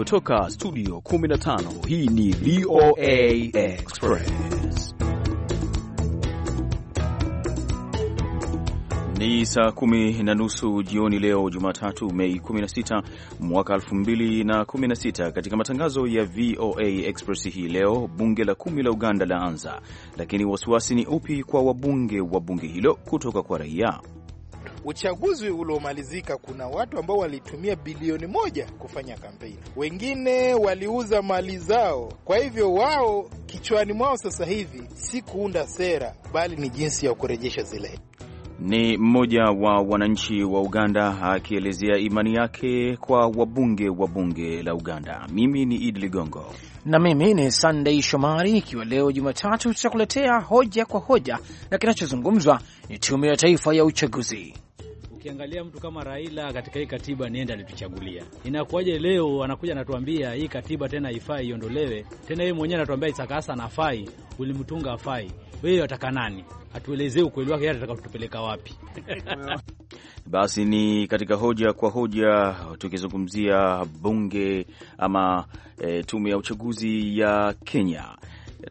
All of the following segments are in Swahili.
Kutoka studio 15 hii ni VOA Express. Ni saa kumi na nusu jioni leo Jumatatu, Mei 16 mwaka 2016. Katika matangazo ya VOA Express hii leo, bunge la kumi la Uganda laanza, lakini wasiwasi ni upi kwa wabunge wa bunge hilo kutoka kwa raia? uchaguzi uliomalizika, kuna watu ambao walitumia bilioni moja kufanya kampeni, wengine waliuza mali zao. Kwa hivyo wao kichwani mwao sasa hivi si kuunda sera, bali ni jinsi ya kurejesha zile ni mmoja wa wananchi wa Uganda akielezea imani yake kwa wabunge wa bunge la Uganda. Mimi ni Idi Ligongo na mimi ni sandey Shomari. Ikiwa leo Jumatatu, tutakuletea hoja kwa hoja, na kinachozungumzwa ni Tume ya Taifa ya Uchaguzi ukiangalia mtu kama Raila katika hii katiba nienda alituchagulia, inakuwaje leo anakuja anatuambia hii katiba tena ifai iondolewe? Tena yeye mwenyewe anatuambia Isakasa nafai, ulimtunga afai, wewe wataka nani? Atuelezee ukweli wake, ataka kutupeleka wapi? Basi ni katika hoja kwa hoja tukizungumzia bunge ama e, tume ya uchaguzi ya Kenya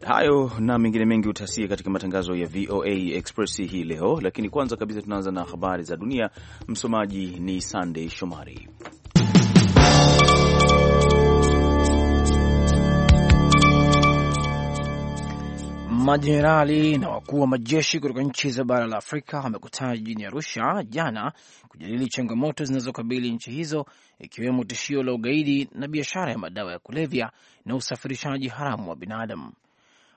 Hayo na mengine mengi utasikia katika matangazo ya VOA Express hii leo, lakini kwanza kabisa tunaanza na habari za dunia. Msomaji ni Sunday Shomari. Majenerali na wakuu wa majeshi kutoka nchi za bara la Afrika wamekutana jijini Arusha jana kujadili changamoto zinazokabili nchi hizo ikiwemo tishio la ugaidi na biashara ya madawa ya kulevya na usafirishaji haramu wa binadamu.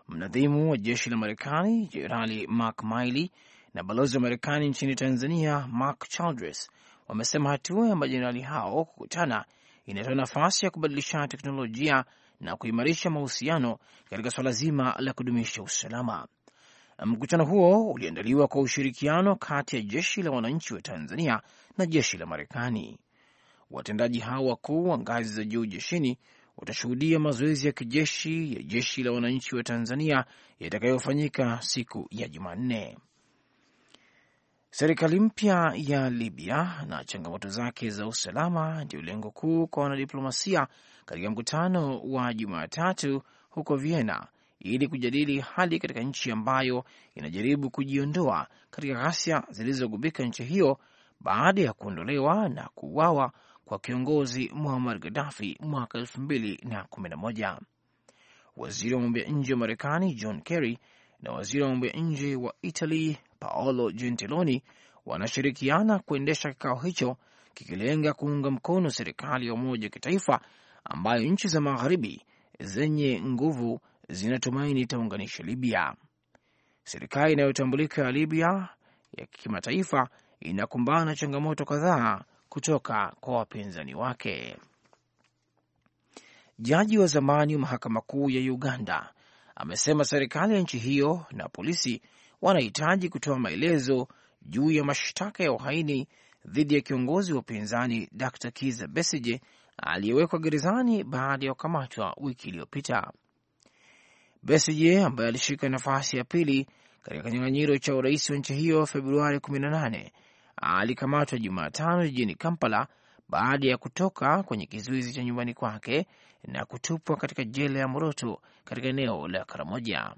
Mnadhimu wa jeshi la Marekani Jenerali Mark Miley na balozi wa Marekani nchini Tanzania Mark Childress wamesema hatua ya majenerali hao kukutana inatoa nafasi ya kubadilisha teknolojia na kuimarisha mahusiano katika swala zima la kudumisha usalama. Mkutano huo uliandaliwa kwa ushirikiano kati ya jeshi la wananchi wa Tanzania na jeshi la Marekani. Watendaji hao wakuu wa ngazi za juu jeshini utashuhudia mazoezi ya kijeshi ya jeshi la wananchi wa Tanzania yatakayofanyika siku ya Jumanne. Serikali mpya ya Libya na changamoto zake za usalama ndiyo lengo kuu kwa wanadiplomasia katika mkutano wa Jumatatu huko Vienna ili kujadili hali katika nchi ambayo inajaribu kujiondoa katika ghasia zilizogubika nchi hiyo baada ya kuondolewa na kuuawa kwa kiongozi Muammar Gaddafi mwaka moja. Waziri wa mambo ya nje wa Marekani John Kerry na waziri wa mambo ya nje wa Italy Paolo Gentiloni wanashirikiana kuendesha kikao hicho kikilenga kuunga mkono serikali ya umoja wa kitaifa ambayo nchi za magharibi zenye nguvu zinatumaini itaunganisha Libya. Serikali inayotambulika ya Libya ya kimataifa inakumbana na changamoto kadhaa kutoka kwa wapinzani wake. Jaji wa zamani wa mahakama kuu ya Uganda amesema serikali ya nchi hiyo na polisi wanahitaji kutoa maelezo juu ya mashtaka ya uhaini dhidi ya kiongozi wa upinzani Dr Kiza Besige aliyewekwa gerezani baada ya kukamatwa wiki iliyopita. Besige ambaye alishika nafasi ya pili katika kinyang'anyiro cha urais wa nchi hiyo Februari alikamatwa Jumatano jijini Kampala baada ya kutoka kwenye kizuizi cha nyumbani kwake na kutupwa katika jela ya Moroto katika eneo la Karamoja.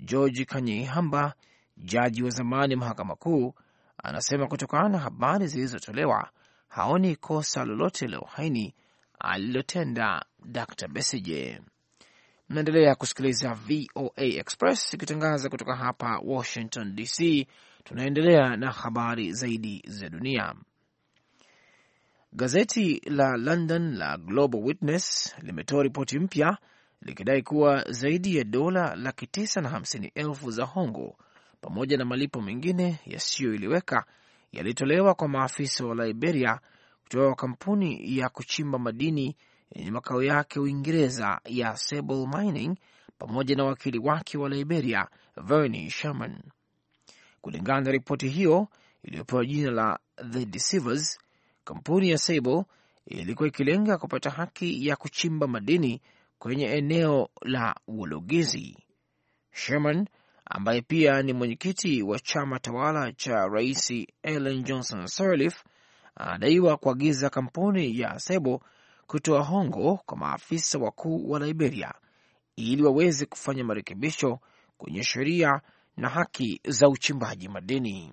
George Kanyeihamba, jaji wa zamani mahakama kuu, anasema kutokana na habari zilizotolewa haoni kosa lolote la uhaini alilotenda Dr Besigye. Mnaendelea kusikiliza VOA Express ikitangaza kutoka hapa Washington DC. Tunaendelea na habari zaidi za dunia. Gazeti la London la Global Witness limetoa ripoti mpya likidai kuwa zaidi ya dola laki tisa na hamsini elfu za hongo pamoja na malipo mengine yasiyoiliweka yalitolewa kwa maafisa wa Liberia kutoka kwa kampuni ya kuchimba madini yenye makao yake Uingereza ya Sable Mining pamoja na wakili wake wa Liberia verni Sherman. Kulingana na ripoti hiyo iliyopewa jina la The Deceivers, kampuni ya Sable ilikuwa ikilenga kupata haki ya kuchimba madini kwenye eneo la uologezi Sherman ambaye pia ni mwenyekiti wa chama tawala cha Rais Ellen Johnson Sirleaf anadaiwa kuagiza kampuni ya Sable kutoa hongo kwa maafisa wakuu wa Liberia ili waweze kufanya marekebisho kwenye sheria na haki za uchimbaji madini.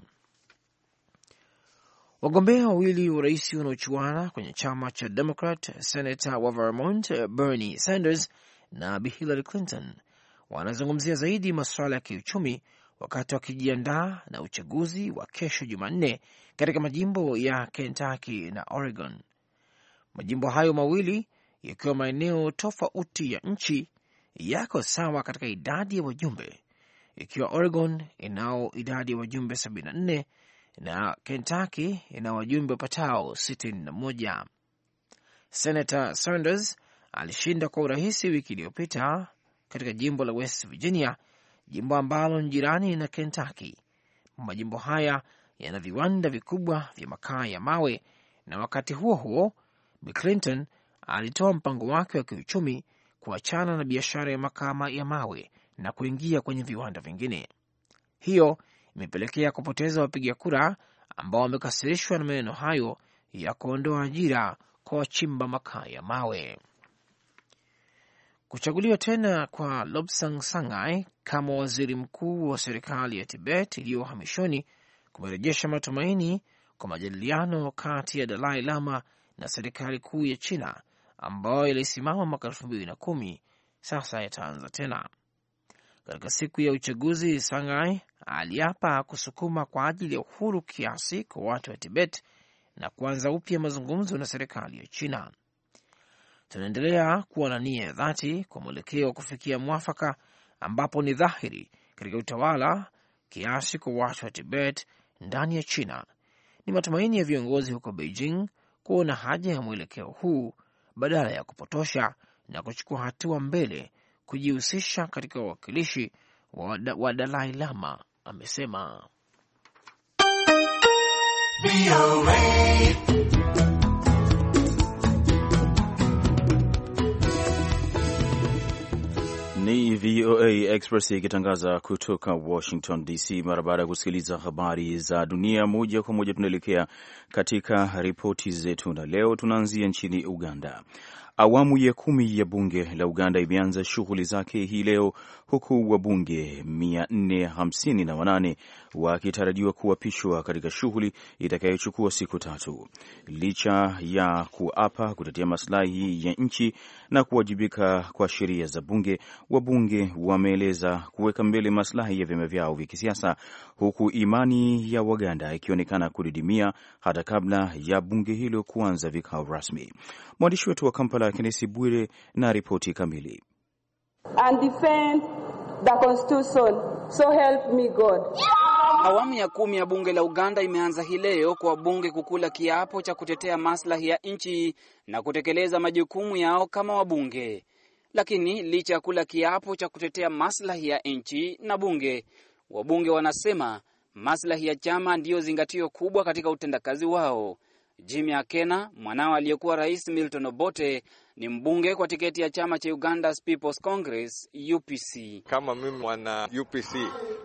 Wagombea wawili wa urais wanaochuana kwenye chama cha Demokrat, senata wa Vermont Bernie Sanders na Bi Hillary Clinton wanazungumzia zaidi masuala ya kiuchumi wakati wakijiandaa na uchaguzi wa kesho Jumanne katika majimbo ya Kentucky na Oregon, majimbo hayo mawili yakiwa maeneo tofauti ya nchi yako sawa katika idadi ya wajumbe ikiwa Oregon inao idadi ya wajumbe 74 na Kentucky ina wajumbe wapatao 61. Senator Sanders alishinda kwa urahisi wiki iliyopita katika jimbo la West Virginia, jimbo ambalo ni jirani na Kentucky. Majimbo haya yana viwanda vikubwa vya makaa ya mawe, na wakati huo huo Clinton alitoa mpango wake wa kiuchumi kuachana na biashara ya makaa ya mawe na kuingia kwenye viwanda vingine. Hiyo imepelekea kupoteza wapiga kura ambao wamekasirishwa na maneno hayo ya kuondoa ajira kwa wachimba makaa ya mawe. Kuchaguliwa tena kwa Lobsang Sangai kama waziri mkuu wa serikali ya Tibet iliyo uhamishoni kumerejesha matumaini kwa majadiliano kati ya Dalai Lama na serikali kuu ya China ambayo yalisimama mwaka elfu mbili na kumi sasa yataanza tena katika siku ya uchaguzi, Sangai aliapa kusukuma kwa ajili ya uhuru kiasi kwa watu wa Tibet na kuanza upya mazungumzo na serikali ya China. Tunaendelea kuwa na nia ya dhati kwa mwelekeo wa kufikia mwafaka ambapo ni dhahiri katika utawala kiasi kwa watu wa Tibet ndani ya China. Ni matumaini ya viongozi huko Beijing kuona haja ya mwelekeo huu badala ya kupotosha na kuchukua hatua mbele kujihusisha katika uwakilishi wa, wa Dalai Lama amesema. VOA Express ikitangaza kutoka Washington DC. Mara baada ya kusikiliza habari za dunia moja kwa moja, tunaelekea katika ripoti zetu, na leo tunaanzia nchini Uganda. Awamu ya kumi ya bunge la Uganda imeanza shughuli zake hii leo huku wabunge 458 wakitarajiwa kuapishwa katika shughuli itakayochukua siku tatu. Licha ya kuapa kutetea masilahi ya nchi na kuwajibika kwa sheria za bunge, wabunge wabunge wameeleza kuweka mbele maslahi ya vyama vyao vya kisiasa, huku imani ya Waganda ikionekana kudidimia hata kabla ya bunge hilo kuanza vikao rasmi. Mwandishi wetu wa Kampala Kennesi Bwire na ripoti kamili. And defend the constitution, so help me God. Awamu ya kumi ya bunge la Uganda imeanza hii leo kwa wabunge kukula kiapo cha kutetea maslahi ya nchi na kutekeleza majukumu yao kama wabunge. Lakini licha ya kula kiapo cha kutetea maslahi ya nchi na bunge, wabunge wanasema maslahi ya chama ndiyo zingatio kubwa katika utendakazi wao. Jimmy Akena, mwanao aliyekuwa rais Milton Obote, ni mbunge kwa tiketi ya chama cha Uganda's People's Congress UPC. Kama mimi mwana UPC,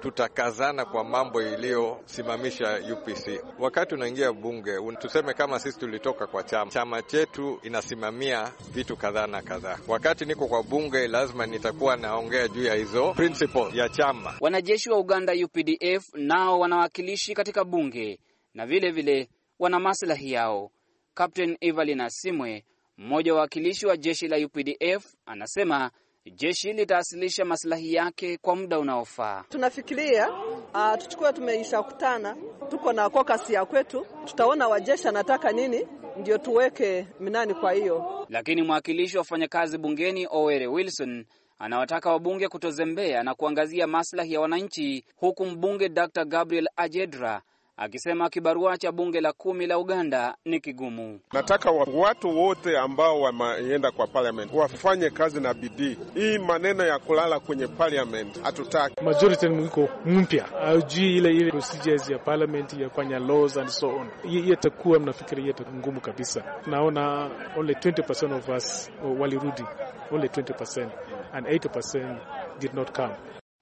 tutakazana kwa mambo iliyosimamisha UPC. Wakati unaingia bunge, tuseme kama sisi tulitoka kwa chama, chama chetu inasimamia vitu kadhaa na kadhaa. Wakati niko kwa bunge, lazima nitakuwa naongea juu ya hizo principle ya chama. Wanajeshi wa Uganda UPDF nao wanawakilishi katika bunge na vile vile wana maslahi yao. Captain Evelyn Asimwe, mmoja wa wakilishi wa jeshi la UPDF, anasema jeshi litawasilisha maslahi yake kwa muda unaofaa. Tunafikiria uh, ah, tuchukua tumeisha kutana, tuko na kokasi ya kwetu, tutaona wajeshi anataka nini ndio tuweke minani. Kwa hiyo lakini mwakilishi wa wafanyakazi bungeni Owere Wilson anawataka wabunge kutozembea na kuangazia maslahi ya wananchi, huku mbunge Dr Gabriel Ajedra akisema kibarua cha bunge la kumi la Uganda ni kigumu. Nataka watu wote ambao wameenda kwa parliament wafanye kazi na bidii. Hii maneno ya kulala kwenye parliament hatutaki. Majority mwiko mpya haujui ile ile procedures ya parliament ya kufanya laws and so on, yatakuwa mnafikiri yata ngumu kabisa. Naona only 20% of us walirudi, only 20% and 80% did not come.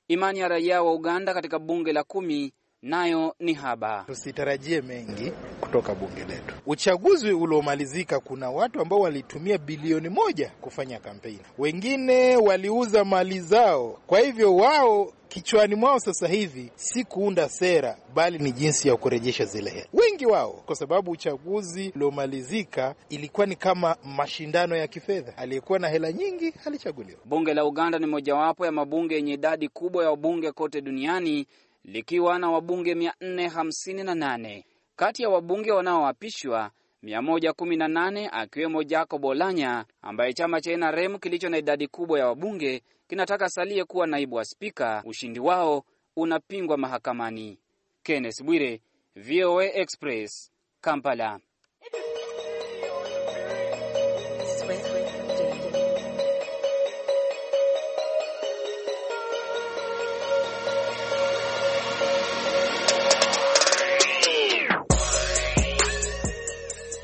Imani ya raia wa Uganda katika bunge la kumi nayo ni haba. Tusitarajie mengi kutoka bunge letu. Uchaguzi uliomalizika, kuna watu ambao walitumia bilioni moja kufanya kampeni, wengine waliuza mali zao. Kwa hivyo wao kichwani mwao sasa hivi si kuunda sera, bali ni jinsi ya kurejesha zile hela, wengi wao, kwa sababu uchaguzi uliomalizika ilikuwa ni kama mashindano ya kifedha. Aliyekuwa na hela nyingi alichaguliwa. Bunge la Uganda ni mojawapo ya mabunge yenye idadi kubwa ya wabunge kote duniani likiwa na wabunge 458 kati ya wabunge wanaoapishwa 118 akiwemo Jacob Olanya ambaye chama cha NRM kilicho na idadi kubwa ya wabunge kinataka salie kuwa naibu wa spika. Ushindi wao unapingwa mahakamani. Kenneth Bwire, VOA Express, Kampala.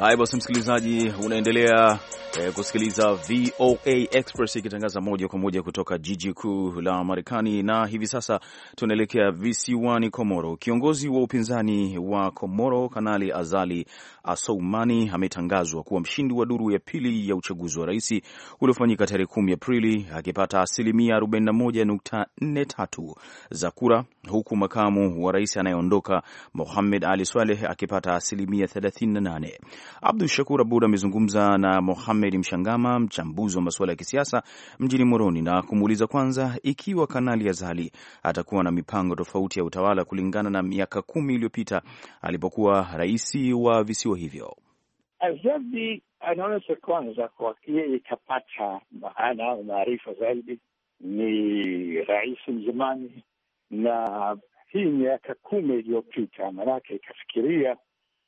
Haya basi, msikilizaji, unaendelea eh, kusikiliza VOA Express ikitangaza moja kwa moja kutoka jiji kuu la Marekani. Na hivi sasa tunaelekea visiwani Komoro. Kiongozi wa upinzani wa Komoro Kanali Azali asoumani ametangazwa kuwa mshindi wa duru ya pili ya uchaguzi wa rais uliofanyika tarehe kumi Aprili akipata asilimia 41.43 za kura, huku makamu wa rais anayeondoka Mohamed Ali Swaleh akipata asilimia 38. Abdu Shakur Abud amezungumza na Mohamed Fred Mshangama, mchambuzi wa masuala ya kisiasa mjini Moroni, na kumuuliza kwanza ikiwa Kanali Azali atakuwa na mipango tofauti ya utawala kulingana na miaka kumi iliyopita alipokuwa rais wa visiwa hivyo. Azali anaonyesha kwanza kwa kile ikapata maana au maarifa zaidi, ni rais mzamani, na hii miaka kumi iliyopita, maanake ikafikiria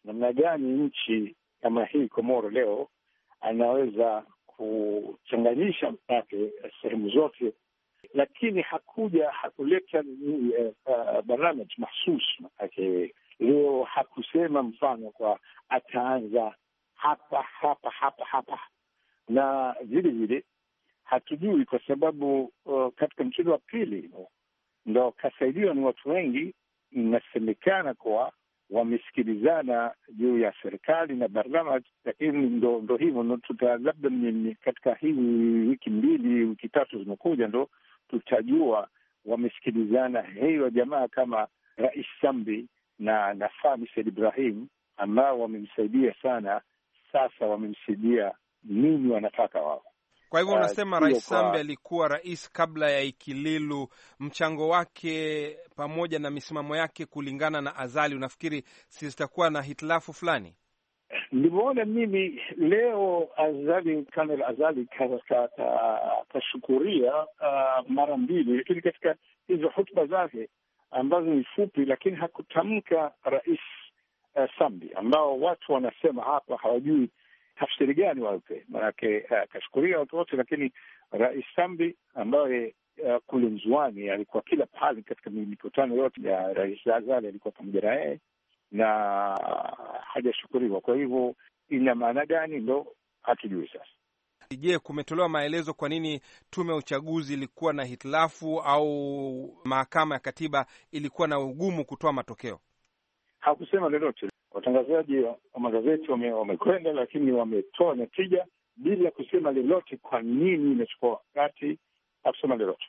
namna gani nchi kama hii Komoro leo anaweza kuchanganyisha mkate sehemu zote, lakini hakuja hakuleta uh, mahsus mkate leo. Hakusema mfano kwa ataanza hapa hapa hapa hapa, na vile vile hatujui kwa sababu uh, katika mchezo wa pili ndo kasaidiwa ni watu wengi, inasemekana kuwa wamesikilizana juu ya serikali na barlama, lakini ndo, ndo hivyo tuta labda katika hii wiki mbili wiki tatu zimekuja ndo tutajua wamesikilizana wa jamaa kama Rais Sambi na na Said Ibrahim ambao wamemsaidia sana. Sasa wamemsaidia nini wanataka wao kwa hivyo ah, unasema uh, Rais Sambi alikuwa rais kabla ya Ikililu. Mchango wake pamoja na misimamo yake kulingana na Azali, unafikiri sizitakuwa na hitilafu fulani? Nimeona mimi leo Azali, Kanel Azali kashukuria uh, mara mbili, lakini katika hizo hutuba zake ambazo ni fupi, lakini hakutamka rais uh, eh, Sambi ambao watu wanasema hapa hawajui tafsiri gani wape? manake akashukuria eh, watu wote, lakini Rais Sambi ambaye uh, kule Mzuani alikuwa kila pahali katika mikutano yote ya Rais Azali alikuwa pamoja na yeye na hajashukuriwa. Kwa hivyo ina maana gani? Ndo hatujui sasa. Je, kumetolewa maelezo kwa nini tume ya uchaguzi ilikuwa na hitilafu au mahakama ya katiba ilikuwa na ugumu kutoa matokeo? Hakusema lolote watangazaji wa magazeti wamekwenda wame, lakini wametoa natija bila kusema lolote, kwa nini imechukua wakati kusema lolote.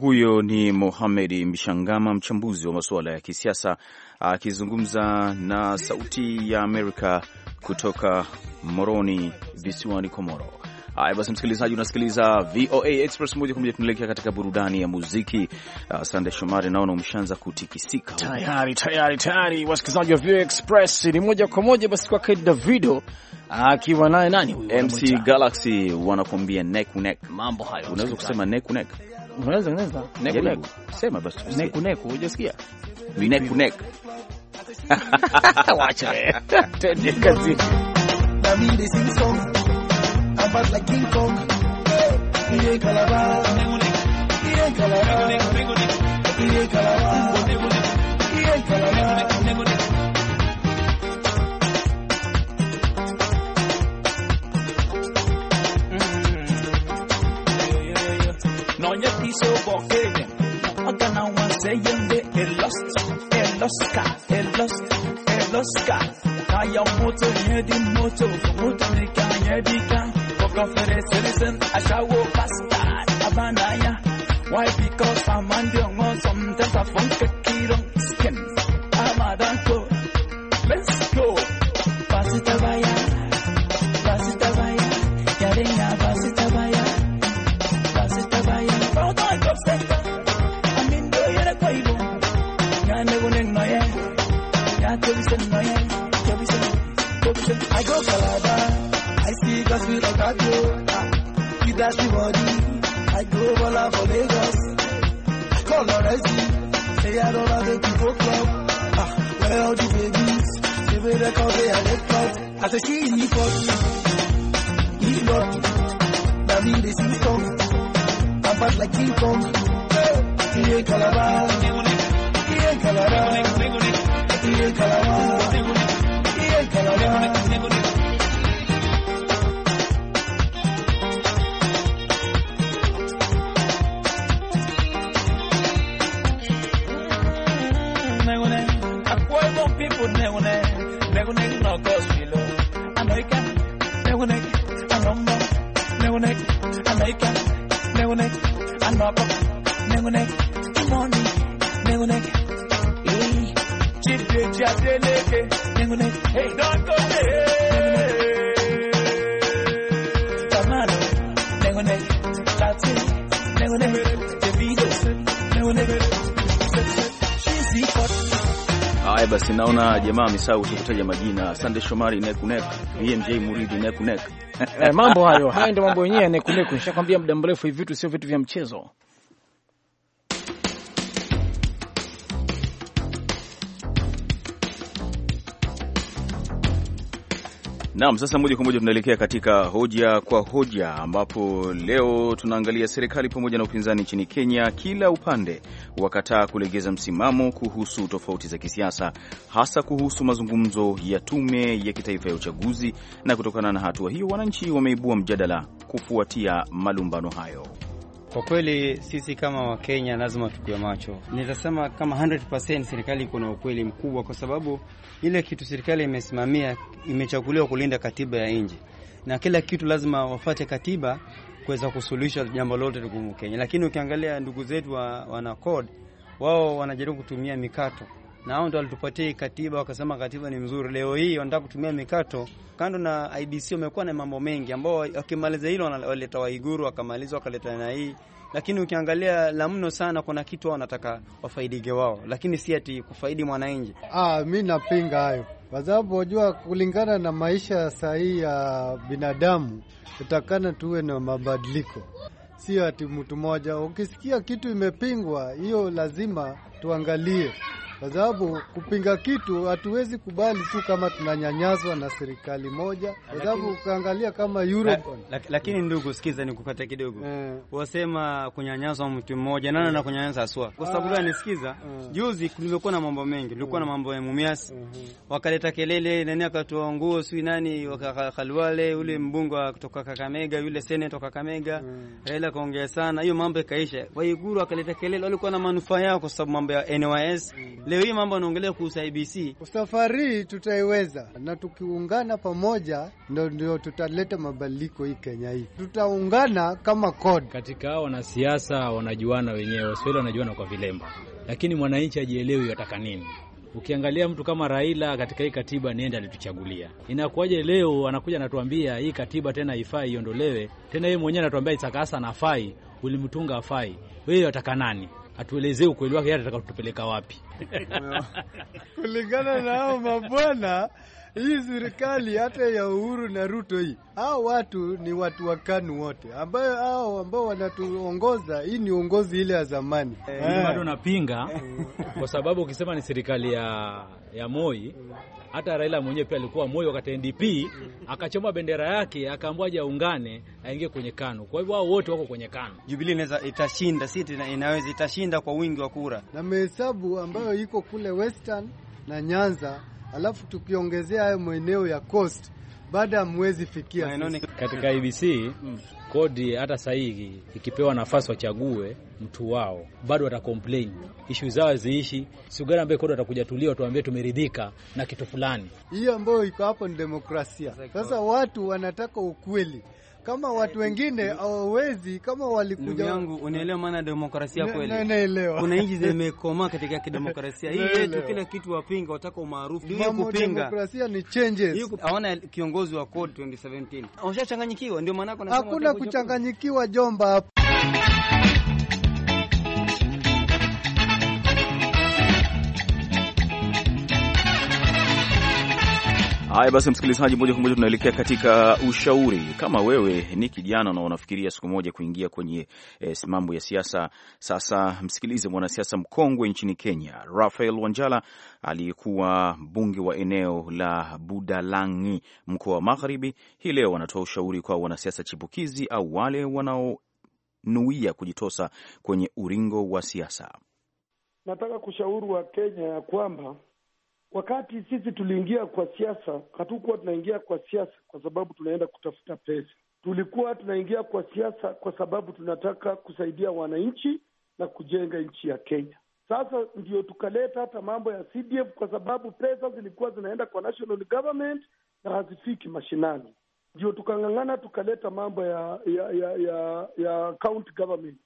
Huyo ni Mohamed Mshangama, mchambuzi wa masuala ya kisiasa akizungumza na Sauti ya Amerika kutoka Moroni visiwani Komoro. Haya basi, msikilizaji, unasikiliza VOA Express moja kwa moja, tunaelekea katika burudani ya muziki. Uh, Sande Shomari, naona umeshaanza kutikisika tayari tayari tayari. Wasikilizaji wa VOA Express ni moja kwa moja basi kwake Davido akiwa naye nani huyu MC Galaxy, wanakuambia neck to neck. Mambo hayo unaweza kusema neck to neck, unaweza unaweza neck to sema basi neck to neck, hujasikia ni neck to neck, wacha twende kazi. bad like King Kong. He ain't Calabar. He ain't Calabar. He ain't Calabar. He ain't Calabar. Nonya piso bokeh. Agana wan seyende elost, eloska, elost, eloska. Kaya moto yedi moto, moto ne kaya yedi Governor citizen, I shall walk oh, past that. Abandaya. Why? Because I'm on the sometimes I funk it. classy body. I go all out for Lagos. Call her Resi. Say I don't have the people club. Ah, where all the babies? They wear the coffee and the pot. I say she in the pot. He's not. Now me the system. I'm fat like King Kong. He ain't Calabar. He ain't Calabar. He ain't Calabar. He ain't Calabar. naona jamaa amesahau kutaja majina. Sande Shomari nekunek, BMJ Muridi nekunek eh, eh, mambo hayo hayo ndio mambo yenyewe ya nekunek. Nishakwambia muda mrefu, hivi vitu sio vitu vya mchezo. Naam, sasa moja kwa moja tunaelekea katika hoja kwa hoja, ambapo leo tunaangalia serikali pamoja na upinzani nchini Kenya, kila upande wakataa kulegeza msimamo kuhusu tofauti za kisiasa, hasa kuhusu mazungumzo ya tume ya kitaifa ya uchaguzi. Na kutokana na hatua hiyo, wananchi wameibua mjadala kufuatia malumbano hayo. Kwa kweli sisi kama Wakenya lazima tukue macho. Nitasema kama 100% serikali iko na ukweli mkubwa, kwa sababu ile kitu serikali imesimamia imechaguliwa kulinda katiba ya nchi, na kila kitu lazima wafate katiba kuweza kusuluhisha jambo lote tugumu Kenya. Lakini ukiangalia ndugu zetu wa, wana code wao wanajaribu kutumia mikato na hao ndio walitupatia katiba, wakasema katiba ni mzuri. Leo hii wanataka kutumia mikato. Kando na IBC wamekuwa na mambo mengi ambao wakimaliza hilo wanaleta Waiguru, wakamaliza wakaleta na hii lakini ukiangalia la mno sana, kuna kitu wanataka wafaidike wao, lakini si ati kufaidi mwananchi. Ah, mi napinga hayo kwa sababu wajua, kulingana na maisha sahihi ya binadamu utakana tuwe na mabadiliko, sio ati mtu mmoja. Ukisikia kitu imepingwa, hiyo lazima tuangalie kwa sababu kupinga kitu hatuwezi kubali tu kama tunanyanyazwa na serikali moja, kwa sababu ukaangalia kama Europe la, la, lakini ndugu, sikiza nikukate kidogo eh. Wasema kunyanyazwa mtu mmoja nani na kunyanyasa aswa kwa sababu gani? Ah. Sikiza eh. Juzi kulikuwa na mambo mengi, kulikuwa na mm. mambo ya mumias eh. Wakaleta kelele, nani akatoa nguo sio nani wakakalwale, ule mm. mbunge kutoka Kakamega, yule senator Kakamega eh. Raila kaongea sana, hiyo mambo ikaisha. Waiguru akaleta kelele, walikuwa na manufaa yao kwa sababu mambo ya NYS eh. Leo hii mambo anaongelea kuhusu IBC. Safari tutaiweza, na tukiungana pamoja ndio ndio tutaleta mabadiliko hii Kenya hii, tutaungana kama kod. Katika hao wanasiasa wanajuana wenyewe, Waswahili wanajuana kwa vilemba, lakini mwananchi ajielewi wataka nini. Ukiangalia mtu kama Raila katika hii katiba niende alituchagulia, inakuwaje leo anakuja anatuambia hii katiba tena haifai iondolewe? Tena yeye mwenyewe anatuambia Isakasa nafai, ulimtunga afai, wewe wataka nani? atuelezee ukweli wake, yeye atataka kutupeleka wapi? kulingana na hao mabwana hii serikali hata ya Uhuru na Ruto hii, hao watu ni watu wa KANU wote, ambayo hao ambao wanatuongoza hii ni uongozi ile ya zamani. Bado eh. napinga kwa sababu ukisema ni serikali ya, ya Moi hata Raila mwenyewe pia alikuwa moyo wakati NDP akachoma bendera yake akaambua aje aungane aingie kwenye KANU. Kwa hivyo wao wote wako kwenye KANU. Jubilee inaweza itashinda, si inaweza itashinda kwa wingi wa kura na mahesabu ambayo iko kule Western na Nyanza, alafu tukiongezea hayo maeneo ya coast baada ya mwezi fikia katika IBC mm. Kodi hata sahihi ikipewa nafasi wachague mtu wao bado watakomplain ishu zao ziishi siugari ambaye kodi watakuja tulia, tuambie tumeridhika na kitu fulani. Hiyo ambayo iko hapo ni demokrasia. Sasa watu wanataka ukweli kama watu wengine hawawezi kama walikuja. yangu, unaelewa maana demokrasia kweli? Naelewa. Kuna nchi zimekomaa katika kidemokrasia hii yetu, kila kitu wapinga, wataka umaarufu hiyo kupinga. Demokrasia ni changes. Hiyo hawana kiongozi wa code 2017. Washachanganyikiwa, ndio maana hakuna kuchanganyikiwa, jomba. Haya basi, msikilizaji, moja kwa moja tunaelekea katika ushauri. Kama wewe ni kijana na unafikiria siku moja kuingia kwenye e, mambo ya siasa, sasa msikilize mwanasiasa mkongwe nchini Kenya, Rafael Wanjala, aliyekuwa mbunge wa eneo la Budalangi, mkoa wa Magharibi. Hii leo anatoa ushauri kwa wanasiasa chipukizi au wale wanaonuia kujitosa kwenye uringo wa siasa. Nataka kushauri Wakenya ya kwamba Wakati sisi tuliingia kwa siasa, hatukuwa tunaingia kwa siasa kwa sababu tunaenda kutafuta pesa. Tulikuwa tunaingia kwa siasa kwa sababu tunataka kusaidia wananchi na kujenga nchi ya Kenya. Sasa ndio tukaleta hata mambo ya CDF kwa sababu pesa zilikuwa zinaenda kwa national government na hazifiki mashinani. Ndio tukang'ang'ana tukaleta mambo ya ya ya ya, ya county government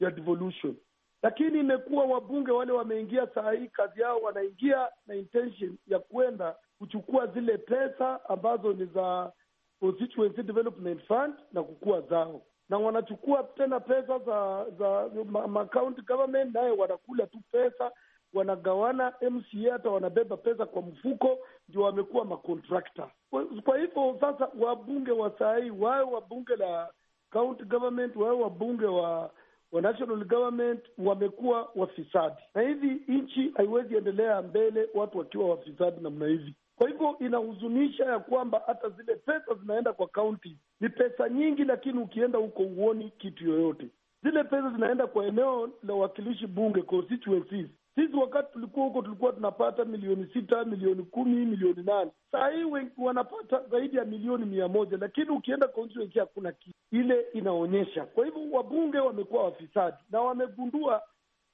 ya devolution lakini imekuwa wabunge wale wameingia saa hii, kazi yao wanaingia na intention ya kwenda kuchukua zile pesa ambazo ni za Constituency Development Fund na kukua zao, na wanachukua tena pesa za za ma county government, naye wanakula tu pesa, wanagawana. MCA hata wanabeba pesa kwa mfuko, ndio wamekuwa makontrakta. Kwa hivyo sasa wabunge wa saa hii wawe wabunge la county government, wawe wabunge wa wa national government wamekuwa wafisadi, na hivi nchi haiwezi endelea mbele watu wakiwa wafisadi namna hivi. Kwa hivyo inahuzunisha ya kwamba hata zile pesa zinaenda kwa kaunti ni pesa nyingi, lakini ukienda huko huoni kitu yoyote. Zile pesa zinaenda kwa eneo la uwakilishi bunge, constituencies, sisi wakati tulikuwa huko tulikuwa tunapata milioni sita, milioni kumi, milioni nane. Saa hii wanapata zaidi ya milioni mia moja, lakini ukienda kwa nchi wengi hakuna kitu. Ile inaonyesha. Kwa hivyo wabunge wamekuwa wafisadi na wamegundua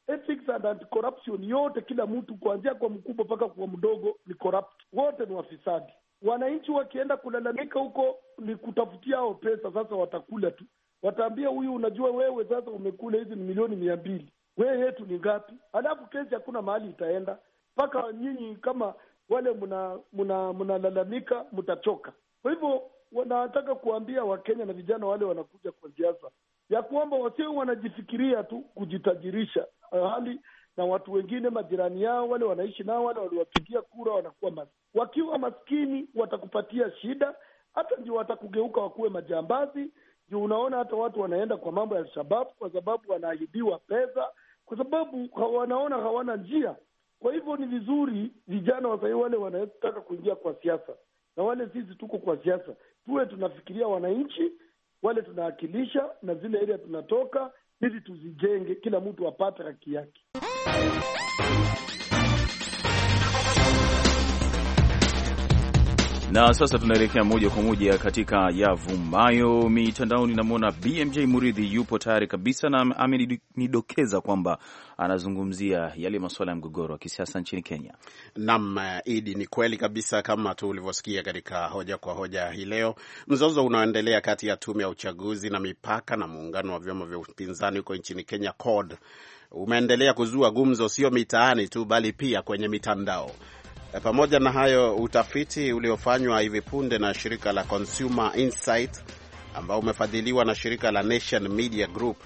ethics and anti-corruption yote, kila mtu kuanzia kwa mkubwa mpaka kwa mdogo ni corrupt, wote ni wafisadi. Wananchi wakienda kulalamika huko ni kutafutia hao pesa, sasa watakula tu, wataambia huyu, unajua wewe sasa umekula hizi ni milioni mia mbili we yetu ni ngapi? Alafu kesi hakuna mahali itaenda mpaka nyinyi kama wale mnalalamika muna, muna mtachoka. Kwa hivyo wanataka kuambia Wakenya na vijana wale wanakuja kwa siasa ya kwamba wasio wanajifikiria tu kujitajirisha eh, hali na watu wengine majirani yao wale wanaishi nao wale waliwapigia kura wanakuwa maskini. Wakiwa maskini watakupatia shida, hata ndio watakugeuka wakuwe majambazi. Ndio unaona hata watu wanaenda kwa mambo ya Alshababu kwa sababu wanaahidiwa pesa, kwa sababu wanaona hawana njia. Kwa hivyo ni vizuri vijana wasahii wale wanataka kuingia kwa siasa na wale sisi tuko kwa siasa tuwe tunafikiria wananchi wale tunawakilisha na zile eria tunatoka, ili tuzijenge, kila mtu apate haki yake. Na sasa tunaelekea moja kwa moja katika yavumayo mitandaoni. Namwona BMJ Muridhi yupo tayari kabisa na amenidokeza kwamba anazungumzia yale masuala ya mgogoro wa kisiasa nchini Kenya. Naam, eh, Idi, ni kweli kabisa kama tu ulivyosikia katika hoja kwa hoja hii leo, mzozo unaoendelea kati ya tume ya uchaguzi na mipaka na muungano wa vyama vya upinzani huko nchini Kenya CORD umeendelea kuzua gumzo, sio mitaani tu, bali pia kwenye mitandao. Eh, pamoja na hayo, utafiti uliofanywa hivi punde na shirika la Consumer Insight ambao umefadhiliwa na shirika la Nation Media Group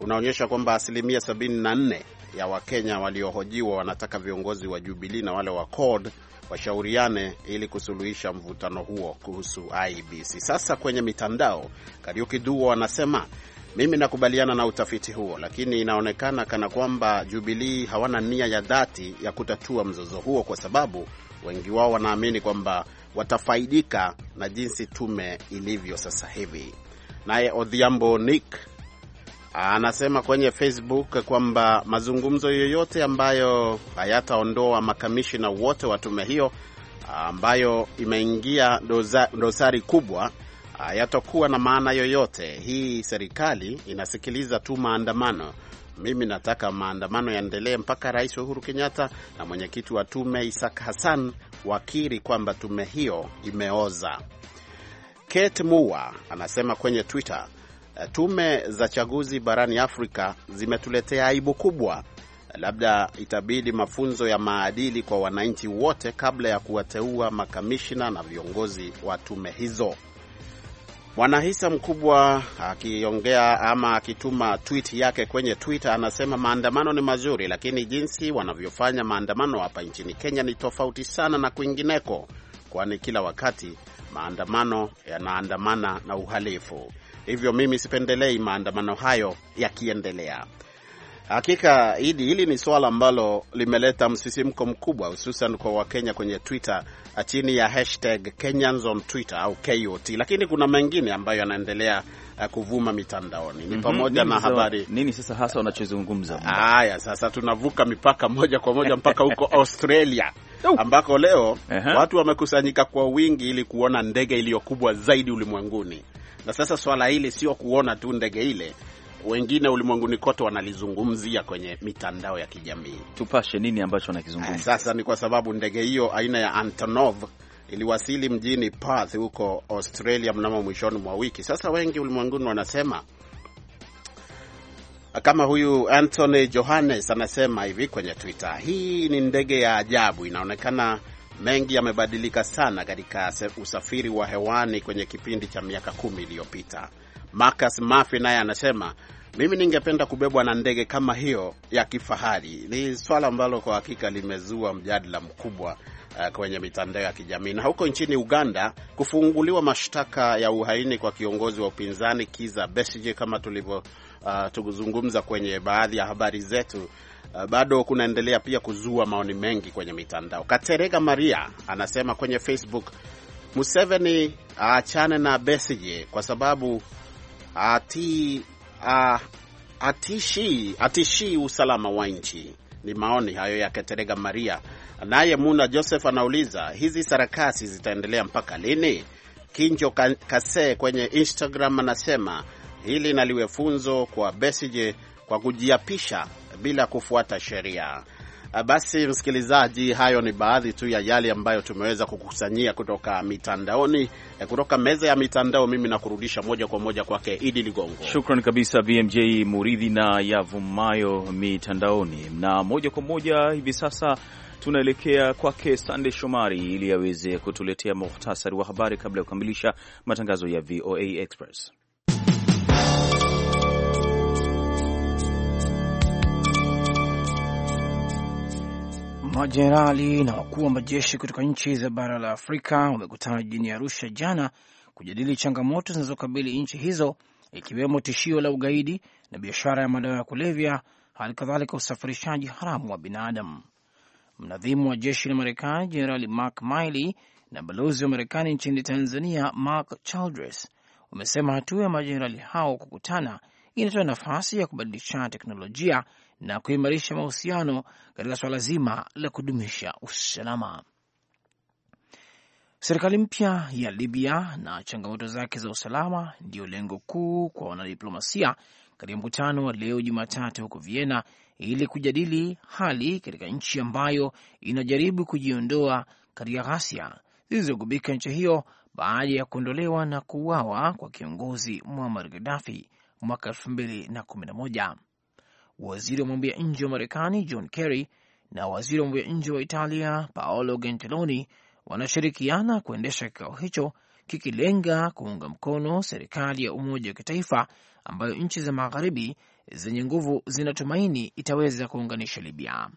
unaonyesha kwamba asilimia 74 ya Wakenya waliohojiwa wanataka viongozi wa Jubilee na wale wa CORD washauriane ili kusuluhisha mvutano huo kuhusu IBC. Sasa kwenye mitandao, Kariuki Duo wanasema mimi nakubaliana na utafiti huo, lakini inaonekana kana kwamba Jubilii hawana nia ya dhati ya kutatua mzozo huo, kwa sababu wengi wao wanaamini kwamba watafaidika na jinsi tume ilivyo sasa hivi. Naye Odhiambo Nick anasema kwenye Facebook kwamba mazungumzo yoyote ambayo hayataondoa makamishina wote wa tume hiyo ambayo imeingia dosari kubwa hayatokuwa na maana yoyote. Hii serikali inasikiliza tu maandamano. Mimi nataka maandamano yaendelee mpaka Rais Uhuru Kenyatta na mwenyekiti wa tume Isaac Hassan wakiri kwamba tume hiyo imeoza. Kate Mua anasema kwenye Twitter, eh, tume za chaguzi barani Afrika zimetuletea aibu kubwa. Labda itabidi mafunzo ya maadili kwa wananchi wote kabla ya kuwateua makamishina na viongozi wa tume hizo. Mwanahisa mkubwa akiongea ama akituma tweet yake kwenye Twitter anasema maandamano ni mazuri, lakini jinsi wanavyofanya maandamano hapa nchini Kenya ni tofauti sana na kwingineko, kwani kila wakati maandamano yanaandamana na uhalifu. Hivyo mimi sipendelei maandamano hayo yakiendelea. Hakika hili hili ni swala ambalo limeleta msisimko mkubwa hususan kwa Wakenya kwenye Twitter chini ya hashtag Kenyans on Twitter au KOT, lakini kuna mengine ambayo yanaendelea eh, kuvuma mitandaoni ni mhm. pamoja mm -hmm. na habari nini sasa hasa wanachozungumza. Haya, sasa tunavuka mipaka moja kwa moja mpaka huko Australia oh. ambako leo uh -huh. watu wamekusanyika kwa wingi ili kuona ndege iliyokubwa zaidi ulimwenguni. Na sasa swala hili sio kuona tu ndege ile wengine ulimwenguni kote wanalizungumzia kwenye mitandao ya kijamii. Tupashe, nini ambacho wanakizungumza sasa? Ni kwa sababu ndege hiyo aina ya Antonov iliwasili mjini Perth huko Australia mnamo mwishoni mwa wiki. Sasa wengi ulimwenguni wanasema kama huyu Anthony Johannes anasema hivi kwenye Twitter, hii ni ndege ya ajabu. Inaonekana mengi yamebadilika sana katika usafiri wa hewani kwenye kipindi cha miaka kumi iliyopita. Marcus Murphy naye anasema mimi ningependa kubebwa na ndege kama hiyo ya kifahari. Ni swala ambalo kwa hakika limezua mjadala mkubwa uh, kwenye mitandao ya kijamii. Na huko nchini Uganda, kufunguliwa mashtaka ya uhaini kwa kiongozi wa upinzani Kiza Besije, kama tulivyo uh, eh, tukuzungumza kwenye baadhi ya habari zetu uh, bado kunaendelea pia kuzua maoni mengi kwenye mitandao. Katerega Maria anasema kwenye Facebook, Museveni aachane uh, na Besije kwa sababu ati, uh, atishi atishi usalama wa nchi. Ni maoni hayo ya Keterega Maria. Naye Muna Joseph anauliza hizi sarakasi zitaendelea mpaka lini? Kinjo Kase kwenye Instagram anasema hili naliwe funzo kwa Besije kwa kujiapisha bila kufuata sheria. Ah, basi msikilizaji, hayo ni baadhi tu ya yale ambayo tumeweza kukusanyia kutoka mitandaoni, eh, kutoka meza ya mitandao. Mimi nakurudisha moja kwa moja kwake Idi Ligongo. Shukran kabisa BMJ Muridhi na yavumayo mitandaoni, na moja kwa moja hivi sasa tunaelekea kwake Sandey Shomari ili aweze kutuletea muhtasari wa habari kabla ya kukamilisha matangazo ya VOA Express. Majenerali na wakuu wa majeshi kutoka nchi za bara la Afrika wamekutana jijini Arusha jana kujadili changamoto zinazokabili nchi hizo ikiwemo tishio la ugaidi na biashara ya madawa ya kulevya, hali kadhalika usafirishaji haramu wa binadamu. Mnadhimu wa jeshi la Marekani Jenerali Mark Miley na balozi wa Marekani nchini Tanzania Mark Childress wamesema hatua ya majenerali hao kukutana inatoa nafasi ya kubadilishana teknolojia na kuimarisha mahusiano katika suala zima la kudumisha usalama. Serikali mpya ya Libya na changamoto zake za usalama ndiyo lengo kuu kwa wanadiplomasia katika mkutano wa leo Jumatatu huko Vienna ili kujadili hali katika nchi ambayo inajaribu kujiondoa katika ghasia zilizogubika nchi hiyo baada ya kuondolewa na kuuawa kwa kiongozi Muammar Gaddafi mwaka 2011 waziri wa mambo ya nje wa Marekani John Kerry na waziri wa mambo ya nje wa Italia Paolo Gentiloni wanashirikiana kuendesha kikao hicho kikilenga kuunga mkono serikali ya umoja wa kitaifa ambayo nchi za magharibi zenye nguvu zinatumaini itaweza kuunganisha Libya.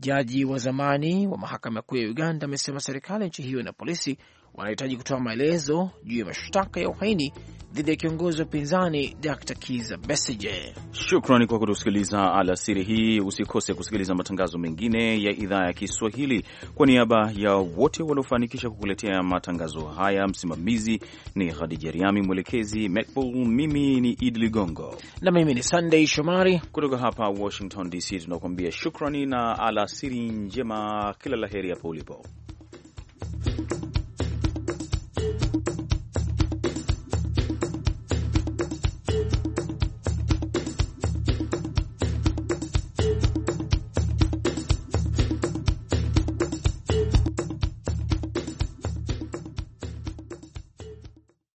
Jaji wa zamani wa mahakama kuu ya Uganda amesema serikali ya nchi hiyo na polisi wanahitaji kutoa maelezo juu ya mashtaka ya uhaini dhidi ya kiongozi wa upinzani Dr. Kiza Besige. Shukrani kwa kutusikiliza alasiri hii. Usikose kusikiliza matangazo mengine ya idhaa ya Kiswahili. Kwa niaba ya wote waliofanikisha kukuletea matangazo haya, msimamizi ni Khadija Riami, mwelekezi Macbull, mimi ni Idi Ligongo na mimi ni Sunday Shomari kutoka hapa Washington DC, tunakuambia shukrani na alasiri njema, kila laheri hapo ulipo.